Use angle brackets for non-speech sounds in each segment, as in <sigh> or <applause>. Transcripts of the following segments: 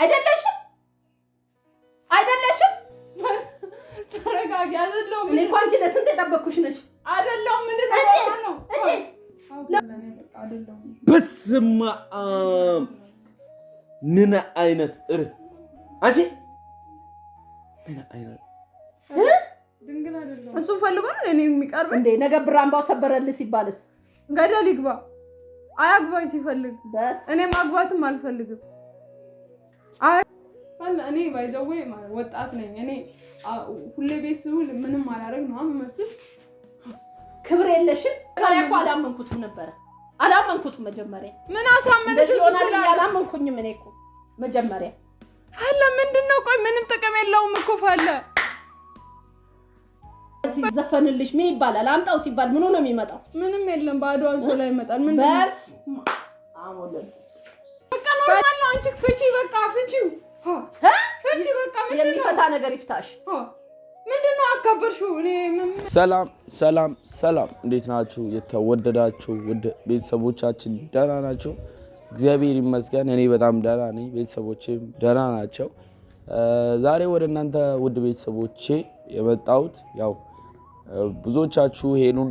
አይደለሽም አይደለሽም። ተረጋጊ። አይደለሁም። እኔ እኮ አንቺ ለስንት የጠበቅኩሽ ነሽ። አይደለሁም። ምንድን ነው? በስመ አብ! ምን አይነት እር አንቺ ምን አይነት እሱ ፈልጎ ነው እኔ የሚቀርብ እንዴ? ነገ ብራምባው ሰበረል ሲባልስ ገደል ይግባ አያግባኝ ሲፈልግ። እኔ ማግባትም አልፈልግም እኔ ባይዘዌ ወጣት ነኝ። እኔ ሁሌ ቤት ስውል ምንም አላደርግ ነው የምመስል። ክብር የለሽም። ታዲያ እኮ አላመንኩትም ነበረ አላመንኩትም። መጀመሪያ ምን አሳመንሽ? አላመንኩኝም። እኔ እኮ መጀመሪያ አለ ምንድን ነው? ቆይ ምንም ጥቅም የለውም እኮ ፈለ ሲዘፈንልሽ ምን ይባላል? አምጣው ሲባል ምኑ ነው የሚመጣው? ምንም የለም። ባዶ አንሶ ይመጣል። ምንድን ነው የሚፈታ ነገር ይፍታሽ። ሰላም ሰላም ሰላም፣ እንዴት ናችሁ? የተወደዳችሁ ውድ ቤተሰቦቻችን ደህና ናችሁ? እግዚአብሔር ይመስገን እኔ በጣም ደህና ነኝ፣ ቤተሰቦቼም ደህና ናቸው። ዛሬ ወደ እናንተ ውድ ቤተሰቦቼ የመጣሁት ያው ብዙዎቻችሁ ሄሉን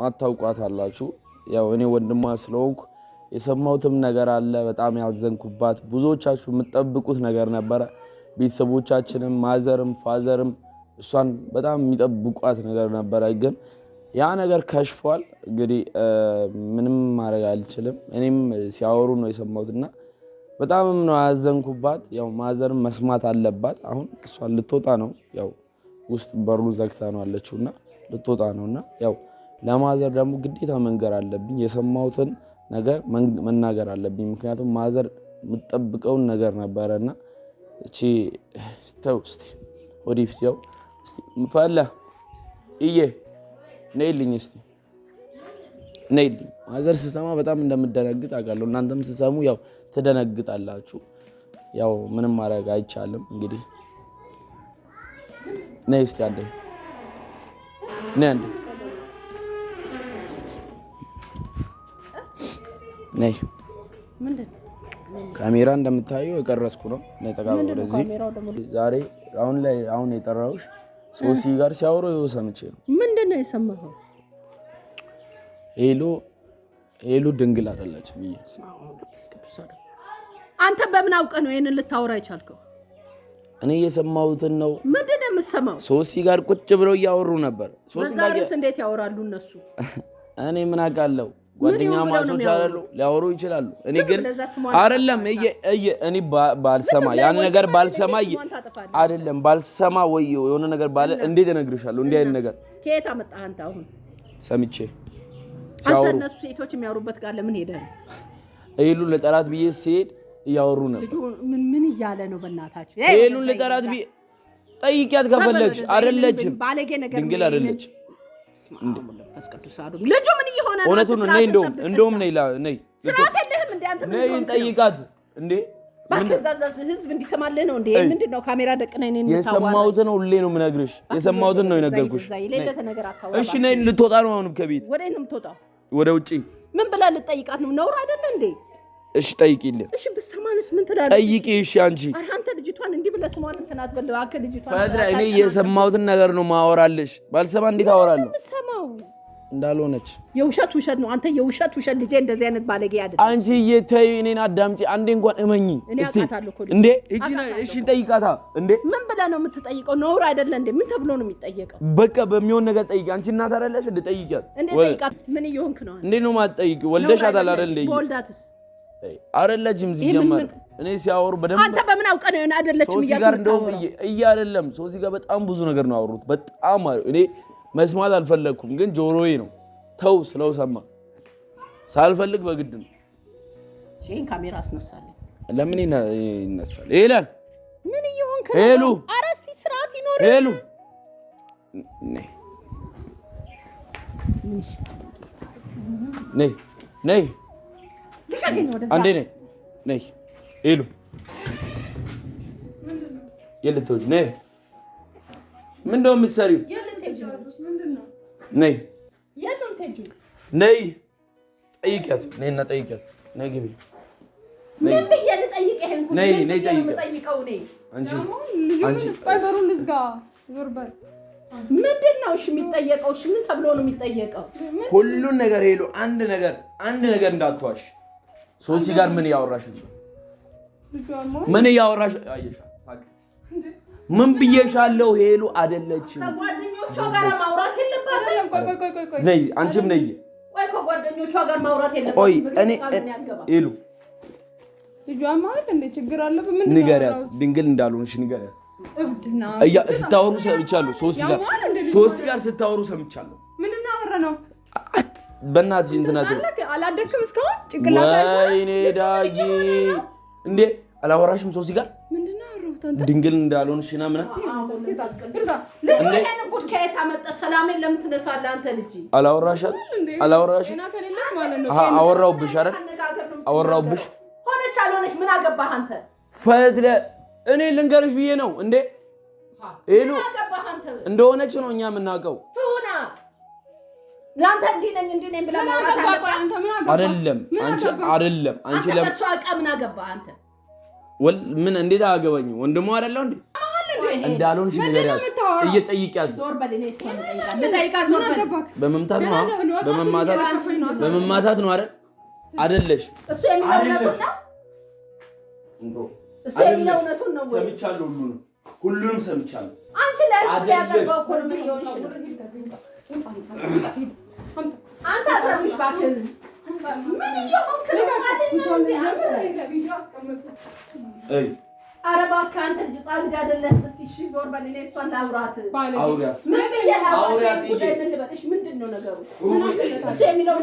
ማታውቋት አላችሁ። ያው እኔ ወንድሟ ስለሆንኩ የሰማሁትም ነገር አለ። በጣም ያዘንኩባት ብዙዎቻችሁ የምትጠብቁት ነገር ነበረ። ቤተሰቦቻችንም ማዘርም ፋዘርም እሷን በጣም የሚጠብቋት ነገር ነበረ። ግን ያ ነገር ከሽፏል። እንግዲህ ምንም ማድረግ አልችልም። እኔም ሲያወሩ ነው የሰማሁትና በጣምም ነው ያዘንኩባት። ያው ማዘርም መስማት አለባት። አሁን እሷን ልትወጣ ነው። ያው ውስጥ በሩን ዘግታ ነው አለችውና ልትወጣ ነውና ያው ለማዘር ደግሞ ግዴታ መንገር አለብኝ የሰማሁትን ነገር መናገር አለብኝ። ምክንያቱም ማዘር የምጠብቀውን ነገር ነበረ እና እቺ ተው ስ ወዲፊት ያው ፈላ እዬ ነይልኝ ስ ነይልኝ። ማዘር ስሰማ በጣም እንደምደነግጥ አውቃለሁ። እናንተም ስሰሙ ያው ትደነግጣላችሁ። ያው ምንም ማድረግ አይቻልም። እንግዲህ ነይ ስ አንዴ ነይ አንዴ ነይ ካሜራ እንደምታየው የቀረስኩ ነው። ዛሬ አሁን ላይ አሁን የጠራሁሽ ሶሲ ጋር ሲያወሩ ይኸው ሰምቼ ነው። ምንድን ነው የሰማኸው? ሄሎ ሄሎ ድንግል አይደለችም። አንተ በምን አውቀ ነው ይህንን ልታወራ የቻልከው? እኔ እየሰማሁትን ነው። ምንድን ነው የምትሰማው? ሶሲ ጋር ቁጭ ብለው እያወሩ ነበር። በዛሬስ እንዴት ያወራሉ እነሱ? እኔ ምን አውቃለሁ ጓደኛ ማልሶች ይችላሉ፣ ሊያወሩ ይችላሉ። እኔ ግን አይደለም እየ እየ እኔ ባልሰማ ያን ነገር ባልሰማ አይደለም ባልሰማ ወይ የሆነ ነገር ባለ እንዴት እነግርሻለሁ? እንዲህ አይነት ነገር ከየት አመጣህ አንተ? አሁን ሰምቼ አንተ እነሱ ሴቶች የሚያወሩበት ጋር ለምን ሄደህ ነው? ይሄሉን ለጠላት ብዬ ስሄድ እያወሩ ነው። ምን ምን እያለ ነው? በእናታችሁ ይሄሉን ለጠላት ብዬ ጠይቂያት ከፈለግሽ። አይደለችም፣ ባለጌ ነገር ድንግል አይደለችም። ልጁ እውነቱን ነይ፣ እንደውም እንደውም ነይ ነይ አንተ ነይ እንጠይቃት እንዴ ባከዛዛዝ ህዝብ እንዲሰማልህ ነው እንዴ? ምንድን ነው ካሜራ ደቅነህ እኔን የሰማሁትን ሁሌ ነው የምነግርሽ። የሰማሁትን ነው የነገርኩሽ። እሺ ነይ። ልትወጣ ነው አሁንም ከቤት ወደ ነው የምትወጣው? ወደ ውጪ። ምን ብላ ልጠይቃት ነው? ነውር አይደለ እንዴ? እሺ ጠይቂልኝ። እሺ ብትሰማንስ ምን ትላለች? ጠይቂ። እሺ አንቺ አንተ ልጅቷን እንዲህ ብለህ ስሟን እንትን አትበለው። አከ ልጅቷን እኔ የሰማሁትን ነገር ነው ማወራልሽ። ባልሰማ እንዴት አወራለሁ? እንዳልሆነች የውሸት ውሸት ነው። አንተ የውሸት ውሸት ልጄ እንደዚህ አይነት ባለጌ አይደለም። አንቺ እየተይ እኔን አዳምጪ አንዴ እንኳን እመኝ እስቲ እንዴ እጂ እሺ ጠይቃታ እንዴ ምን ብላ ነው የምትጠይቀው? ነውር አይደለ እንዴ? ምን ተብሎ ነው የሚጠየቀው? በቃ በሚሆን ነገር ጠይቂ። አንቺ እናት አይደለሽ እንዴ? ጠይቂያት እንዴ ጠይቃት። ምን እየሆንክ ነው? እንዴ ነው ማጠይቂ? ወልደሻታል አይደል እንዴ? ወልዳትስ አይደለችም። ሲጀመር እኔ ሲያወሩ በደንብ አንተ በምን አውቀህ ነው አይደለችም እያሉ ጋር እንደውም እያ አይደለም ሶሲ ጋር በጣም ብዙ ነገር ነው አወሩት። በጣም እኔ መስማት አልፈለግኩም፣ ግን ጆሮዬ ነው ተው ስለው ሰማ። ሳልፈልግ በግድ ነው። ይሄን ካሜራ አስነሳለሁ። ለምን ይነሳል? ይላል ምን ስርዓት ይኖር ሉ ነይ ነይ አንዴ ነይ ነይ የልትወጂ ነይ ምንድነው ነው የምትሰሪው? ነይ ነይ፣ ጠይቂያት። ነይ እና ጠይቂያት። ነይ ግቢ። ምንድን ነው እሺ የሚጠየቀው? እሺ ምን ተብሎ ነው የሚጠየቀው? ሁሉን ነገር ሄሎ፣ አንድ ነገር አንድ ነገር እንዳትዋሽ። ሶሲ ጋር ምን እያወራሽ ነው? ምን እያወራሽ አየሻ ምን ብዬሻለሁ? ሄሉ አይደለችም። ከጓደኞቿ ጋር ማውራት የለባትም። ነይ፣ አንቺም ነይ። ቆይ ከጓደኞቿ ጋር ማውራት የለባትም። ቆይ እኔ ሄሉ እንደ ችግር ምን ንገሪያት፣ ድንግል እንዳልሆንሽ ንገሪያት። ስታወሩ ሰምቻለሁ። ሶስት ጋር ሶስት ጋር ስታወሩ ሰምቻለሁ። ምንድን ነው በእናትሽ እንትና እስካሁን ወይኔ ዳጊ እንዴ አላወራሽም ሶስት ጋር ምን ድንግል እንዳልሆንሽና ምናምን አላወራሻል አላወራሽ አወራውብሽ አይደል? አወራውብሽ ሆነች አልሆነች ምን አገባህ አንተ? ፈትለ እኔ ልንገርሽ ብዬ ነው እንዴ ሄሉ እንደሆነች ነው እኛ የምናውቀው። ለአንተ እንዲህ ነኝ እንዲህ ነኝ ብላ አይደለም አንቺ አይደለም አንቺ ለምን አቀ ምን አገባህ አንተ ምን እንዴት አገባኝ? ወንድሞ አይደለው እንዴ? እንዳልሆንሽ ንገሪያት። እየጠይቂያት በመምታት ነው በመማታት በመማታት ነው አይደል? አይደለሽ እሱ የሚለው እውነቱን ነው። ሁሉንም ሰምቻለሁ። አንቺ ኧረ እባክህ አንተ ልጅ ጻ ልጅ አይደለህም። እስኪ እሺ ዞር በል። እኔ እሷን ላውራት። ምን ምንድን ነው ነገሩ? የሚለው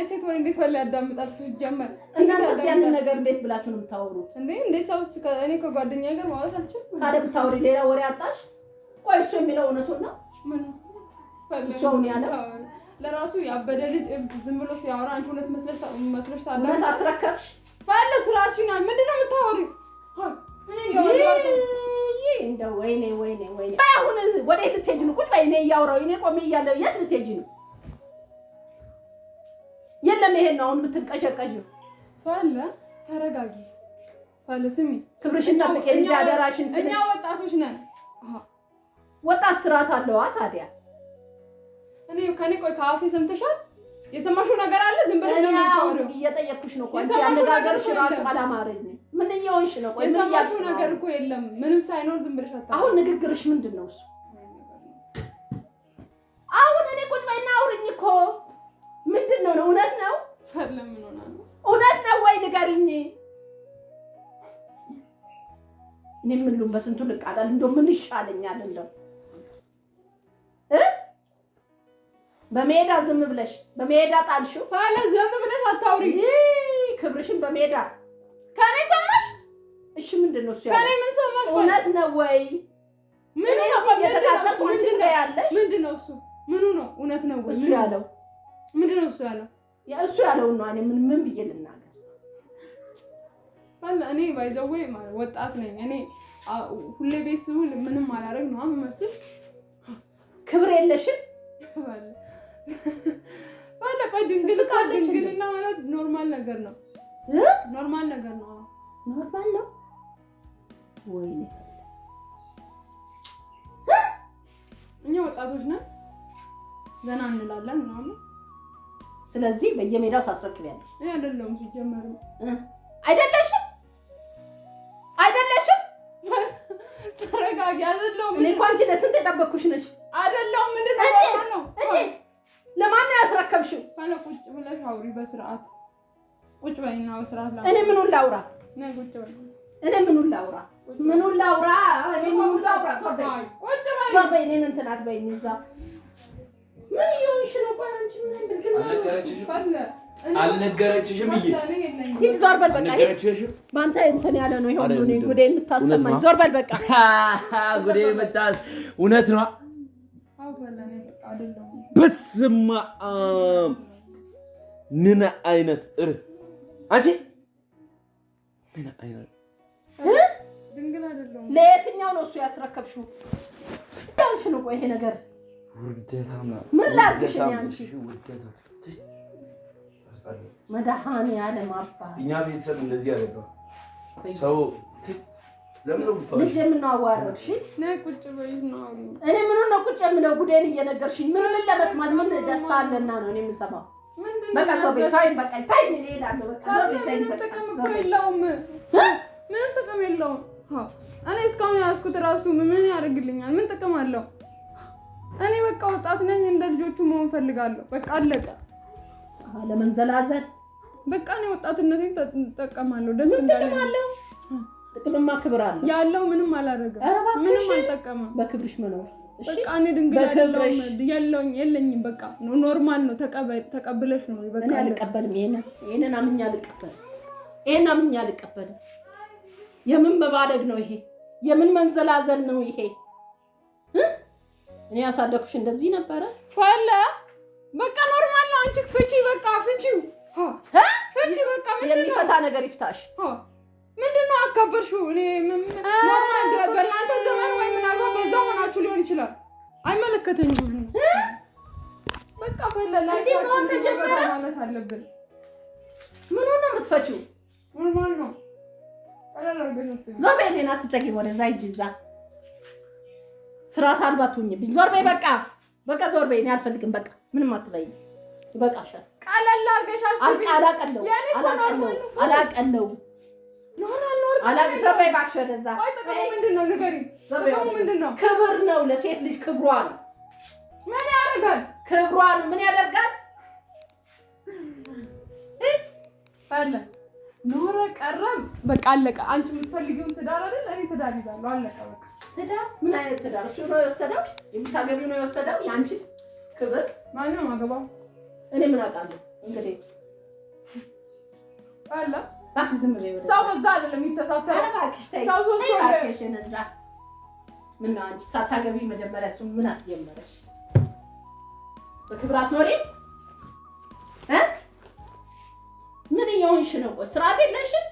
የሴት ወሬ እንዴት በላ ያዳምጣል? ሲጀመር እናንተስ ያንን ነገር እንዴት ብላችሁ ነው የምታወሩት? እንዴት ሰው እኔ ከጓደኛ ጋር ማውራት አልችልም። ታዲያ ብታወሪ ሌላ ወሬ አጣሽ። ቆይ እሱ የሚለው እውነቱን ነው። እሷውን ያለ ለራሱ ያበደ ልጅ ዝም ብሎ ሲያወራ አንቺ ሁለት መስሎሽ ታዲያ እውነት አስረከብሽ ባለ ስራችን ምንድን ነው የምታወሪው? እንደው ወይኔ ወይኔ ወይኔ አሁን ወደ የት ልትሄጂ ነው? ቁጭ በይ። እኔ እያወራሁ እኔ ቆሜ እያለሁ የት ልትሄጂ ነው? የለም ይሄን ነው አሁን የምትንቀዠቀዥው። ባለ ተረጋጊ። ባለ ስሚ፣ ክብርሽን ጠብቄ ልጅ አደራሽን። እኛ ወጣቶች ነን። ወጣት ስርዓት አለዋ ታዲያ እኔ ከኔ ቆይ ከአፌ ሰምተሻል? የሰማሽው ነገር አለ? ዝም ብለሽ ነው የምታወሪው። እየጠየኩሽ ነው እኮ አንቺ አነጋገርሽ ራሱ አላማረኝም። ምን እየሆንሽ ነው? ቆይ የሰማሽው ነገር እኮ የለም ምንም ሳይኖር ዝም ብለሽ አታ አሁን ንግግርሽ ምንድን ነው እሱ? አሁን እኔ ቁጭ በይና አውሪኝ እኮ ምንድን ነው ነው? እውነት ነው እውነት ነው ወይ ንገሪኝ። እኔ ምን ሉን በስንቱ ልቃጠል እንደው ምን ይሻለኛል እንደው በሜዳ ዝም ብለሽ በሜዳ ጣልሽው። አለ ዝም ብለሽ አታውሪ። ክብርሽን በሜዳ ከኔ ሰማሽ? እሺ ምንድን ነው እሱ ያለው? ከኔ ምን ሰማሽ? እውነት ነው ወይ? ምን ነው የተካከልኩ አንቺ ያለሽ ምንድን ነው እሱ? ምኑ ነው እውነት ነው ወይ? እሱ ያለው ምንድን ነው እሱ ያለው? ያ እሱ ያለው ነው። እኔ ምን ምን ብዬ ልናገር? አላ እኔ ባይዘዌ ወጣት ነኝ እኔ ሁሌ ቤት ስውል ምንም አላደርግ ነው አምመስል ክብር የለሽም ባለ <laughs> ቆይ ድንግልና ማለት ኖርማል ነገር ነው። ኖርማል ነገር ነው። ኖርማል ነው ወይ? እኛ ወጣቶች ነን፣ ዘና እንላለን ምናምን። ስለዚህ በየሜዳው ታስረክቢያለሽ። አይደለሁም ሲጀመር አይደለሽም አይደለሽም። ተረጋጊ። አይደለሁም እኔ እኮ አንቺ ለስንት የጠበቅኩሽ ነሽ። አይደለሁም ምንድን ነው ለማን ያስረከብሽው? አለ ቁጭ ብለሽ አውሪ በስርዓት ቁጭ በይና በስርዓት ላውራ። እኔ ምኑን ላውራ? ነይ ቁጭ በይ። እኔ ምኑን ላውራ? ምኑን ላውራ? እኔ ምኑን ላውራ? ቁጭ በይ። ዞር በይ። እኔን እንትን አትበይኝ። እዛ ምን እየሆንሽ ነው? ቆይ አንቺ ምን ብልግና አልነገረችሽም? ዞር በል በቃ። በአንተ እንትን ያለ ነው ይሄ ሁሉ ጉዴ የምታሰማኝ። ዞር በል በቃ። <laughs> ጉዴ መጣ። እውነት ነው። በስማ ምን አይነት እር አንቺ ምን አይነት ለየትኛው ነው እሱ ያስረከብሽው? ነው ይሄ ነገር ምን ላድርግሽ? አባ እኛ ቤተሰብ እንደዚህ ሰው ልጅ የምናዋረድ እኔ ምኑን ነው ቁጭ የምለው? ጉዴን እየነገርሽኝ ምን ምን ለመስማት ምን ደስታ አለና ነው እኔ የምሰማው? ምን ምንም ጥቅም የለውም። እኔ እስካሁን ያዝኩት ራሱ ምን ያደርግልኛል? ምን ጥቅም አለው? እኔ በቃ ወጣት ነኝ፣ እንደ ልጆቹ መሆን ፈልጋለሁ። በቃ አለቀ። ለመንዘላዘል በቃ እኔ ወጣትነቴን እጠቀማለሁ። ደስ ምን ጥቅም አለው? ጥቅምማ ክብር አለ ያለው ምንም አላደረገም። ምንም አልጠቀመም። በክብርሽ መኖር በቃ እኔ ድንግል አይደለሁም የለኝም። በቃ ኖርማል ነው። ተቀብለሽ ነው በቃ። እኔ አልቀበልም። ይሄንን ይሄንን አምኜ አልቀበልም። ይሄን አምኜ አልቀበልም። የምን መባደግ ነው ይሄ? የምን መንዘላዘል ነው ይሄ? እኔ ያሳደኩሽ እንደዚህ ነበረ ፈለ በቃ ኖርማል ነው። አንቺ ፍቺ በቃ ፍቺው ሀ ፍቺ በቃ የሚፈታ ነገር ይፍታሽ ምንድነው አካበርሽው? እኔ ኖርማል በእናንተ ዘመን ወይ ምናልባት በዛ ሆናችሁ ሊሆን ይችላል። አይመለከተኝ ሁሉ በቃ ፈለላ ማለት አለብን። ምን ሆነ የምትፈችው? ነው። ዞር በይ እኔን ወደዛ ሂጂ እዛ ስርዓት አልባ ትሁኝብኝ። ዞር በይ በቃ በቃ ዞር በይ። እኔ አልፈልግም። በቃ ምንም አትበይኝ። ይበቃሻል። ቀለል አድርገሽ አስቢ። አላቀለው አላቀለው ክብር ነው ለሴት ልጅ ክብሯ ነው። ምን ያደርጋል? ክብሯ ነው። ምን ያደርጋል? አለ ኖረ ቀረም በቃ አለቀ። አንቺ የምትፈልጊውን ትዳር አይደል? እኔ ትዳር ይዛለሁ። አለቀ በቃ። ትዳር ምን አይነት ትዳር? እሱ ነው የወሰደው፣ የምታገቢው ነው የወሰደው። የአንቺ ክብር ማነው አገባው? እኔ ምን አውቃለሁ እንግዲህ አለ ሰው በዛ አይደለም የሚተሳሰረው። ሰው እዛ ምነው አንቺ ሳታገቢ መጀመሪያ እሱን ምን አስጀመረሽ? በክብራት ኖሪ። ምን እየሆንሽ ነው? ቆይ ስርዓት የለሽም።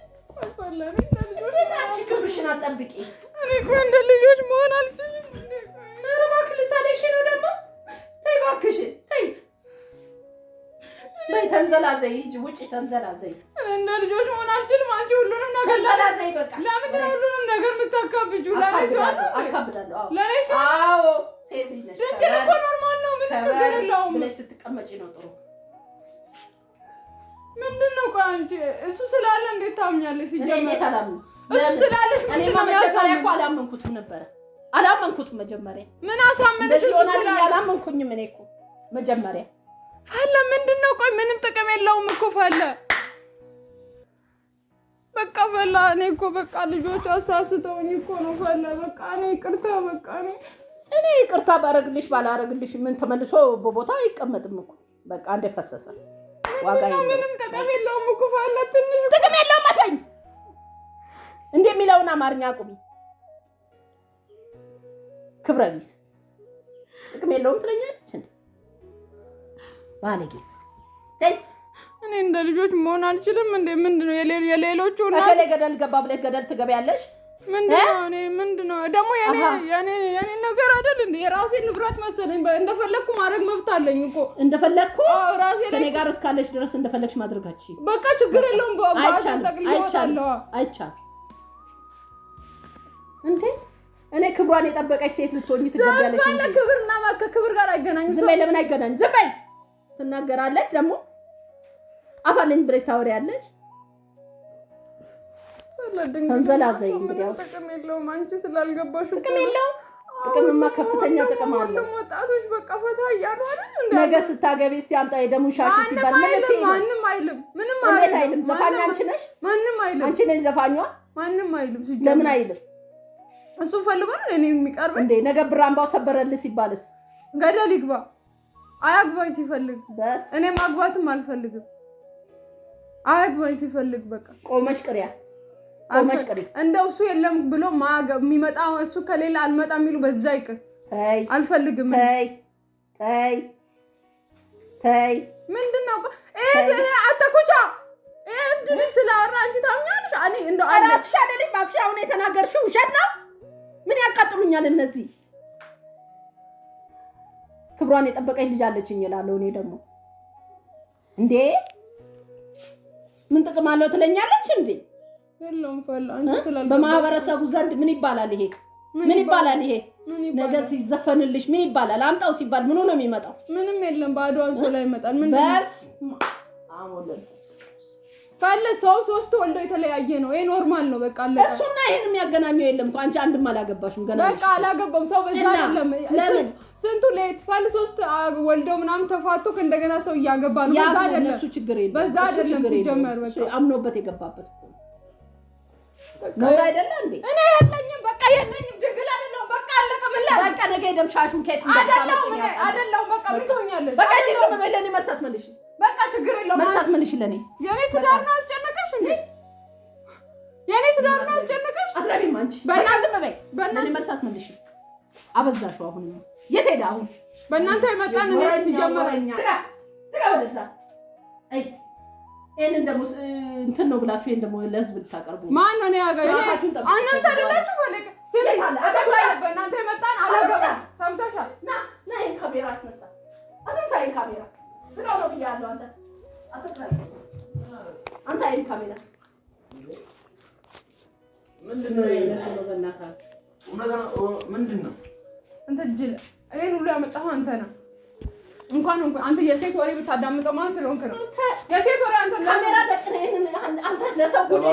አንቺ ክብርሽን አጠብቂ። እንደ ልጆች መሆን አልችልም። እባክሽ ልታለቅሽ ነው ደግሞ። ተይ እባክሽን በይ ተንዘላዘይ፣ ሂጂ ውጪ ተንዘላዘይ። እንደ ልጆች መሆን አልችልም። አንቺ ሁሉንም ነገር ተንዘላዘይ። በቃ ለምንድን ነው ሁሉንም ነገር የምታካብጂው? አካብዳለሁ። አዎ አዎ፣ ሴት ልጅ ነሽ። ኖርማል ነው። ምን ችግር የለውም ብለሽ ስትቀመጪ ነው ጥሩ። ምንድን ነው ቆይ አንቺ እሱ ስላለ እንዴት ታምኛለሽ? እንዴት አላምንም። እሱ ስላለሽ እኔማ መጀመሪያ እኮ አላመንኩትም ነበረ። አላመንኩትም መጀመሪያ። ምን አሳመነሽ? እሱ ስላለ አላመንኩኝም እኔ እኮ መጀመሪያ ፋላ ምንድን ነው? ቆይ ምንም ጥቅም የለውም እኮ ፋላ። በቃ ፋላ፣ እኔ እኮ በቃ ልጆች አሳስተውኝ እኮ ነው ፋላ። በቃ እኔ ይቅርታ፣ በቃ እኔ እኔ ይቅርታ ባረግልሽ ባላረግልሽ ምን ተመልሶ በቦታ አይቀመጥም እኮ በቃ እንደ ፈሰሰ ዋጋ ምንም ጥቅም የለውም እኮ ፋላ። ትንሽ ጥቅም የለውም አትበይኝ። እንደሚለውን አማርኛ አቁሚ። ክብረ ቢስ ጥቅም የለውም ትለኛለች። ባለጌ እኔ እንደ ልጆች መሆን አልችልም። እንደ ምንድን ነው የሌሎቹ ከሌ ገደል ገባ ብለሽ ገደል ትገቢያለሽ። ምንድን ደግሞ የኔ ነገር አይደል እንደ የራሴ ንብረት መሰለኝ። እንደፈለግኩ ማድረግ መብት አለኝ እኮ እንደፈለግኩ ከኔ ጋር እስካለሽ ድረስ እንደፈለግሽ ማድረጋችን በቃ ችግር የለውም። አይቻልም እንዴ እኔ ክብሯን የጠበቀች ሴት ልትሆኝ ትገቢያለሽ። ክብርና ከክብር ጋር አይገናኝም። ዝም በይ ለምን አይገናኝም? ዝም በይ ትናገራለች። ደግሞ አፋለኝ ብለሽ ታወሪያለሽ። ተንዘላዘይ እንግዲያው ጥቅም የለውም። አንቺ ስላልገባሽ ጥቅም የለውም። ጥቅምማ ከፍተኛ ጥቅም አለው። ወጣቶች በቃ ፈታ እያሉ አይደል? ነገ ስታገቢ እስቲ አምጣ የደሙን ሻሽ ሲባል ማንም አይልም፣ ምንም አይልም። ዘፋኛ አንቺ ነሽ፣ ማንም አይልም። አንቺ ነሽ ዘፋኛ፣ ማንም አይልም። ለምን አይልም? እሱ ፈልጎ ነው እኔ የሚቀርበኝ እንዴ? ነገ ብራምባው ሰበረልህ ሲባልስ ገደል ይግባ አያግባኝ ሲፈልግ፣ በስ እኔ ማግባትም አልፈልግም። አያግባኝ ሲፈልግ በቃ ቆመሽ ቅሪያ ቆመሽ ቅሪ። እንደው እሱ የለም ብሎ ማገ የሚመጣ እሱ ከሌላ አልመጣ የሚሉ በዛ ይቅር። አልፈልግም። ተይ ተይ ተይ። ምንድን ነው አተኩቻ እንድንሽ ስለአራ አንቺ ታምኛለሽ? እራስሽ አይደለሽ ባፍሽ አሁን የተናገርሽው ውሸት ነው። ምን ያቃጥሉኛል እነዚህ ክብሯን የጠበቀኝ ልጅ አለችኝ እላለሁ። እኔ ደግሞ እንዴ ምን ጥቅም አለው ትለኛለች እንዴ? በማህበረሰቡ ዘንድ ምን ይባላል ይሄ? ምን ይባላል ይሄ ነገ ሲዘፈንልሽ ምን ይባላል? አምጣው ሲባል ምኑ ነው የሚመጣው? ምንም የለም። በአድዋ ላይ ይመጣል። ምን በስ ካለ ሰው ሶስት ወልዶ የተለያየ ነው። ይሄ ኖርማል ነው። በቃ አለ። እሱና ይሄን የሚያገናኘው የለም እኮ አንቺ አንድም አላገባሽም ገና። በቃ አላገባም ሰው በዛ አይደለም። ለምን ስንቱ ለይትፋል ሶስት ወልዶ ምናምን ተፋቶ እንደገና ሰው እያገባ ነው። በዛ አይደለም። እሱ ችግር የለም። በዛ አይደለም። ሲጀመር በቃ አምኖበት የገባበት ነው አይደለ እንዴ? እኔ የለኝም በቃ የለኝም። ድግል አይደለም በቃ አለቀ። ምን ላይ በቃ ነገ ደም ሻሹን ከየት እንደምታመጪ አይደለም። በቃ ምን ትሆኛለሽ? በቃ እዚህ ተመለለኝ መልሳት መልሽ በቃ ችግር የለውም። መርሳት መልሽ። ለኔ የኔ ትዳር ነው አስጨነቀሽ እንዴ? የኔ ትዳር ነው አስጨነቀሽ? አትረቢም አንቺ። በእናትህ ዝም በይ። በእናትህ መርሳት መልሽ። አበዛሽው። አሁን የት ሄደ? አሁን በእናንተ የመጣን እኔ ሲጀመረኛ ትራ ትራ ወደዛ። አይ ይሄንን ደግሞ እንትን ነው ብላችሁ ይሄን ደግሞ ለህዝብ ልታቀርቡ ማን ነው? እኔ ያገኘ እናንተ አይደላችሁ። በለቀ ስለዚህ በእናንተ የመጣን አላገባ። ሰምተሻል? ና ና፣ ይሄን ካሜራ አስነሳ፣ አስነሳ ይሄን ካሜራ ስራው ነው ብያለሁ። አንተ አትፍራ። አንተ አይን ካሜራ ምንድን ነው? ሁሉ ያመጣኸው አንተ ነህ። እንኳን አንተ የሴት ወሬ ብታዳምጠው ማን ስለሆንክ ነው? የሴት ወሬ አንተ ካሜራ ደቅነህ አንተ ለሰው ጉድ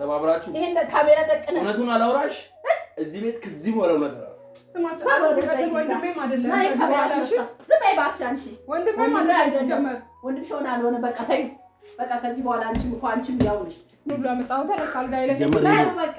ተባብራችሁ ይሄን ካሜራ ደቅነህ እውነቱን አላውራሽ እዚህ ቤት ከዚህ በኋላ እውነት ስማት ወንድሜም አይደለም በይ እባክሽ አንቺ ወንድም ማለት አይደለም። ወንድም ሆነ አልሆነ በቃ ተይው በቃ። ከዚህ በኋላ አንቺም እኮ አንቺም ያውልሽ ብሎ አመጣሁ። ተነስ አልጋ ይለኝ በጣም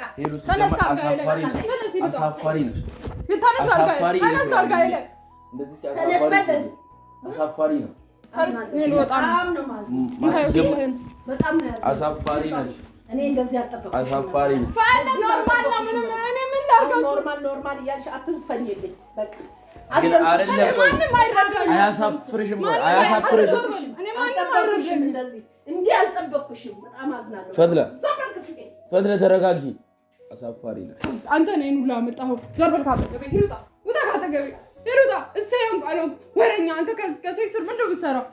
ፈትለ ተረጋጊ። አሳፋሪ ነው አንተ ነኝ ሁላ መጣሁ። ዞር በል ካጠገቤ፣ ሂሩጣ ውጣ፣ ካጠገቤ ሂሩጣ። እሰየም ቃለው ወረኛ አንተ ከሴት ስር ምንድን ነው የምትሰራው?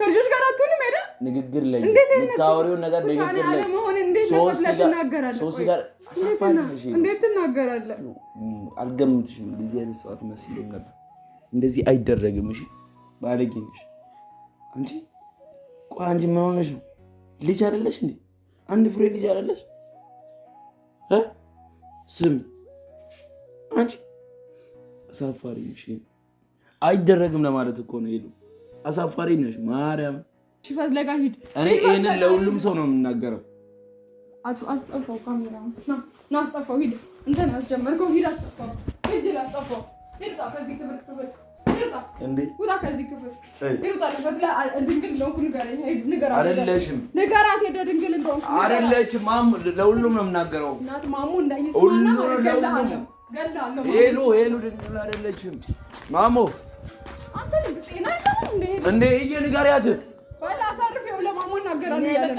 ከልጆች ጋር አትሆንም። ሄደ ንግግር ላይ የምታወሪውን ነገር ንግግር ላይ ሶሲ ጋር እንዴት ትናገራለህ? አልገምትሽም። እንደዚህ አይነት ነበር። እንደዚህ አይደረግም። እሺ ባለጌ ነሽ አንቺ። ቆይ አንቺ ምን ሆነሽ ነው? ልጅ አይደለሽ እንዴ? አንድ ፍሬ ልጅ አይደለሽ? ስም አንቺ አሳፋሪ አይደረግም ለማለት እኮ ነው። ሄዱ አሳፋሪ ነሽ። ማርያም ሽፈት ለጋ ሂድ። እኔ ይህንን ለሁሉም ሰው ነው የምናገረው። አስጠፋው ካሜራ ና አስጠፋው። ሂድ እንትን አስጀመርከው። ሂድ አስጠፋው። ሂድ አስጠፋው። ሂድጣ ከዚህ ክፍል ክፍል እንዴ ውጣ ከዚህ ክፍል ንገራት አይደለሽም ንገራት ሄደ ድንግል እንደሆንኩ አይደለችም። ማሙ ለሁሉም ነው የምናገረው። እናት ማሙ እንዳይስማና ገላለሁ ሄሉ ሄሉ ድንግል አይደለችም ማሙ። አንተ እንዴ እንዴ እየ ንገሪያት ባላ አሳርፈው ለማሙ እናገራለሁ ያለ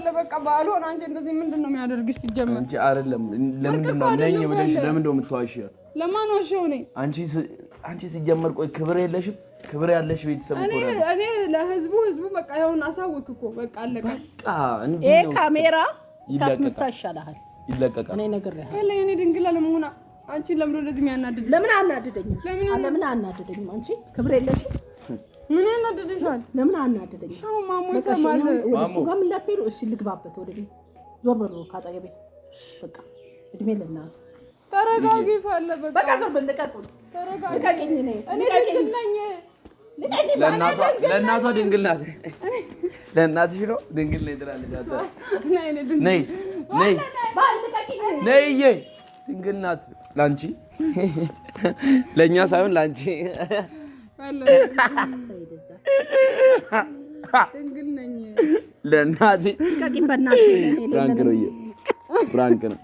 አለ በቃ ባልሆን አንቺ እንደዚህ ምንድን ነው የሚያደርግሽ? ሲጀመር እንጂ አይደለም ለምንድን ነው ነኝ ብለሽ ለምን ነው የምትዋሽው? ለማን ዋሽው ነኝ? አንቺ አንቺ ሲጀመር ቆይ ክብር የለሽም። ክብር ያለሽ ቤተሰብ እኮ እኔ ለህዝቡ ህዝቡ በቃ ይሁን አሳውቅ እኮ በቃ አለቀ። በቃ እንዴ ካሜራ ታስመሳ ይሻላል። ይለቀቃል። እኔ ነገር ያለ ያለ እኔ ድንግላ ለመሆና አንቺ ለምን እንደዚህ የሚያናድድ ለምን አናደደኝ? ለምን አናደደኝ? አንቺ ክብር የለሽም ምን ያናደደሻል? ለምን አናደደኝ? ሻው ማሙ ይሰማል። ወደ እሱ ጋር እንዳትሄዱ እሺ። ልግባበት ወደ ቤት ዞር በሉ ካጠገቤ። በቃ እድሜ ለእናቱ። ተረጋጊ ፈለ በቃ በቃ ዞር በል። ልቀቁኝ፣ ልቀቂኝ። እኔ ድንግል ነኝ። ለእናቷ ድንግል ናት። ለእናትሽ ነው ድንግል ነኝ ትላለች። ነይ ነይ ነይዬ ድንግል ናት። ለአንቺ ለእኛ ሳይሆን ለአንቺ ለእናቴ ፍራንክ ነው፣ ፍራንክ ነው።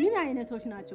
ምን አይነቶች ናቸው?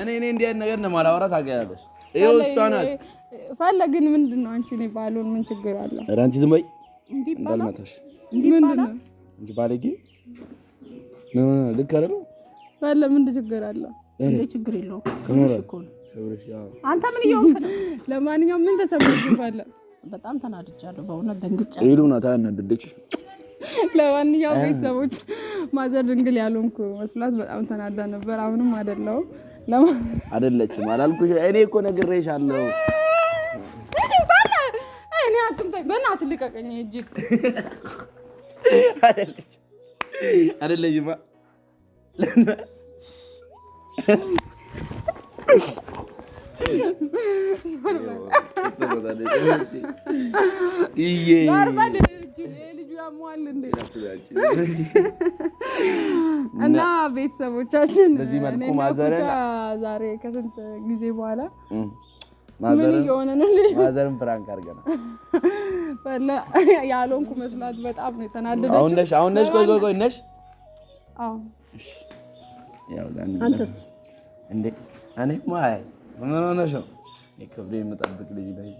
እኔ እኔ እንዲህ ዓይነት ነገር እንደማላወራ ታውቂያለሽ። ይኸው እሷ ናት ፈለግን ግን ምንድን ነው አንቺ እኔ ባሉን ምን ችግር አለ? ኧረ አንቺ ዝም በይ እንዳልመታሽ። ምንድን ነው አንቺ ባለጌ ልክ አይደለም። ፈለ ምንድን ችግር አለ? እንደ ችግር የለውም እኮ አንተ ምን እየሆንክ ነው? <laughs> ለማንኛውም ምን ተሰማሽ? ፈለ በጣም ተናድጃለሁ በእውነት ደንግጫለሁ። ይሉና ታናድደች ለማንኛውም ቤተሰቦች ማዘር ድንግል ያልሆንኩ መስሏት በጣም ተናዳ ነበር። አሁንም አይደለሁም አይደለችም። አላልኩሽ? እኔ እኮ ነግሬሻለሁ። እኔ አትምታኝ፣ በእናትህ ልቀቀኝ። እጅ አይደለችም፣ አይደለችም። ልጁ ያሟል እንዴ? እና ቤተሰቦቻችን ዛሬ ከስንት ጊዜ በኋላ ምን እየሆነ ነው? ማዘርን ፕራንክ አድርገናል። ያልሆንኩ መስሏት በጣም ነው የተናደደችው። አሁን ነሽ አሁን ነሽ ቆይ ቆይ ቆይ ነሽ። አንተስ እንዴ? እኔማ ምን ሆነሽ ነው? ክብሬ የምጠብቅ ልጅ ላይ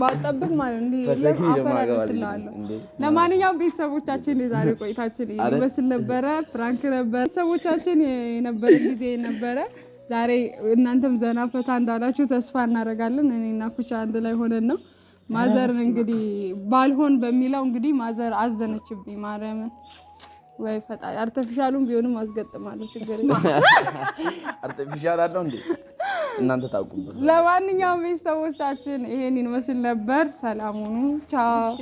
ባጠብቅ ማለት እንዲ አፈራርስላለሁ። ለማንኛውም ቤተሰቦቻችን የዛሬ ቆይታችን ይመስል ነበረ፣ ፍራንክ ነበረ። ቤተሰቦቻችን የነበረ ጊዜ ነበረ። ዛሬ እናንተም ዘና ፈታ እንዳላችሁ ተስፋ እናደርጋለን። እኔ እና ኩቻ አንድ ላይ ሆነን ነው ማዘር እንግዲህ ባልሆን በሚለው እንግዲህ ማዘር አዘነችብኝ። ማርያምን ወይ ፈጣሪ አርተፊሻሉን ቢሆንም አስገጥማለሁ። ችግር አርተፊሻል አለው እንዴ? እናንተ ታውቁበት። ለማንኛውም ቤተሰቦቻችን ይሄን ይመስል ነበር። ሰላሙኑ። ቻው።